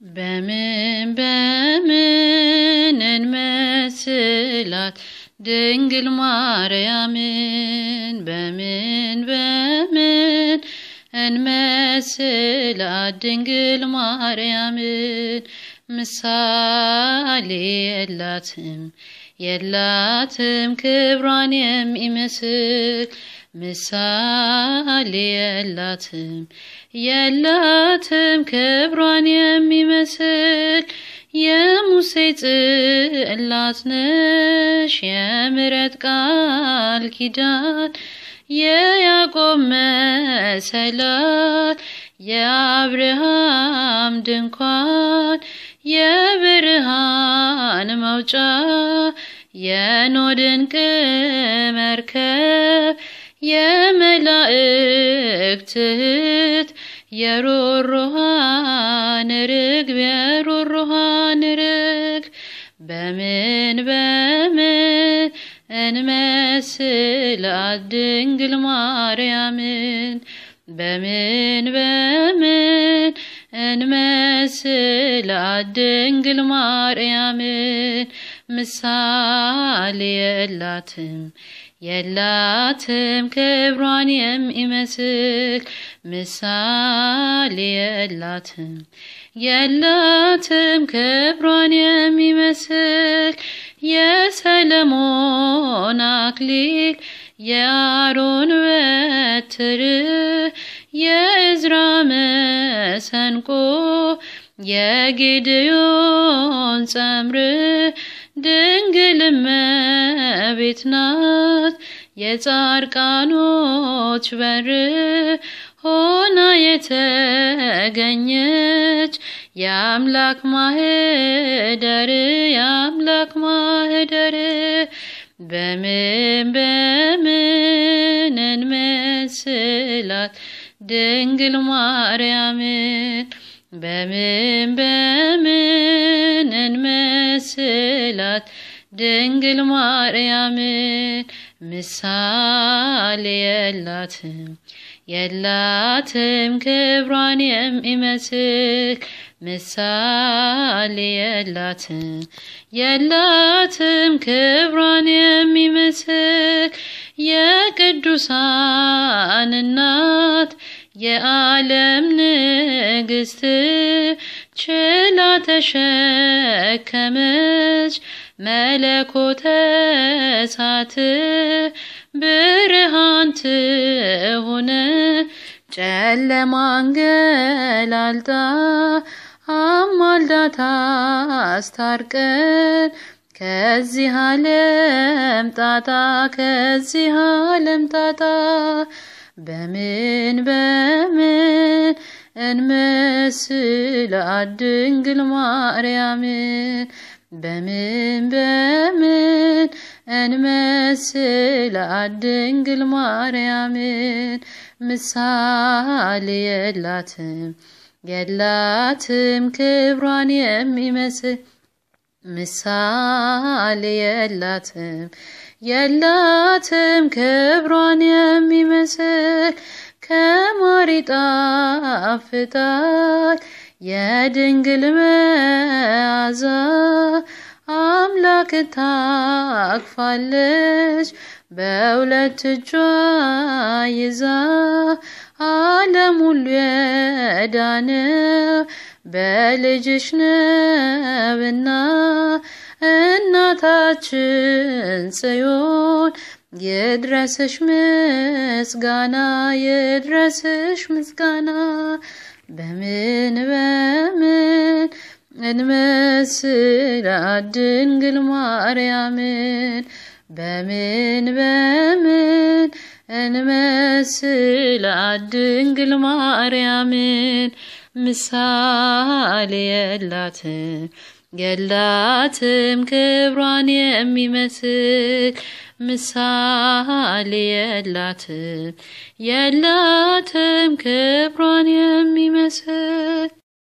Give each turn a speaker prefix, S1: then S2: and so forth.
S1: Bemin bemin en enmesilat Dengil Maryam'in bemin bemin en enmesilat Dengil Maryam'in ምሳሌ የላትም የላትም ክብሯን የሚመስል ምሳሌ የላትም የላትም ክብሯን የሚመስል የሙሴ ጽላት ነሽ የምረት ቃል ኪዳን የያዕቆብ መሰላል የአብርሃም ድንኳን የብርሃን መውጫ የኖ ድንቅ መርከብ የመላእክትህት የሮሮሃን ርግብ የሮሮሃን ርግብ በምን በምን እንመስላት ድንግል ማርያምን በምን በምን እንመስል ድንግል ማርያምን ምሳሌ የላትም የላትም ክብሯን የሚመስል ምሳሌ የላትም የላትም ክብሯን የሚመስል የሰለሞን አክሊል የአሮን በትር የእዝራ መሰንቆ የጌድዮን ጸምር ድንግል እመቤት ናት የጻድቃኖች በር ሆና የተገኘች የአምላክ ማህደር የአምላክ ማህደር በምን በምን እንመስላት ድንግል ማርያምን በምን በምን እንመስላት? ድንግል ማርያምን ምሳሌ የላትም የላትም ክብሯን የሚመስል ምሳሌ የላትም የላትም ክብሯን የሚመስል የቅዱሳን እናት የዓለም ንግሥት ችላ ተሸከመች መለኮተ እሳት ብርሃን ትሆነ ጨለማን ገላልጣ አማልዳታ አስታርቀን ከዚህ ዓለም ጣጣ ከዚህ ዓለም ጣጣ በምን በምን እንመስል ድንግል ማርያምን በምን በምን እንመስል ድንግል ማርያምን ምሳሌ የላትም የላትም ክብሯን የሚመስል ምሳሌ የላትም የላትም ክብሯን የሚመስል ከማር ይጣፍጣል የድንግል መዓዛ አምላክ ታቅፋለች በሁለት እጇ ይዛ ዓለም ሁሉ የዳነው በልጅሽ ነብና እናታችን ጽዮን የድረስሽ ምስጋና የድረስሽ ምስጋና በምን በምን እንመስል ድንግል ማርያምን በምን በምን እንመስል ድንግል ማርያምን ምሳሌ የላት የላትም ክብሯን የሚመስል ምሳሌ የላትም የላትም ክብሯን የሚመስል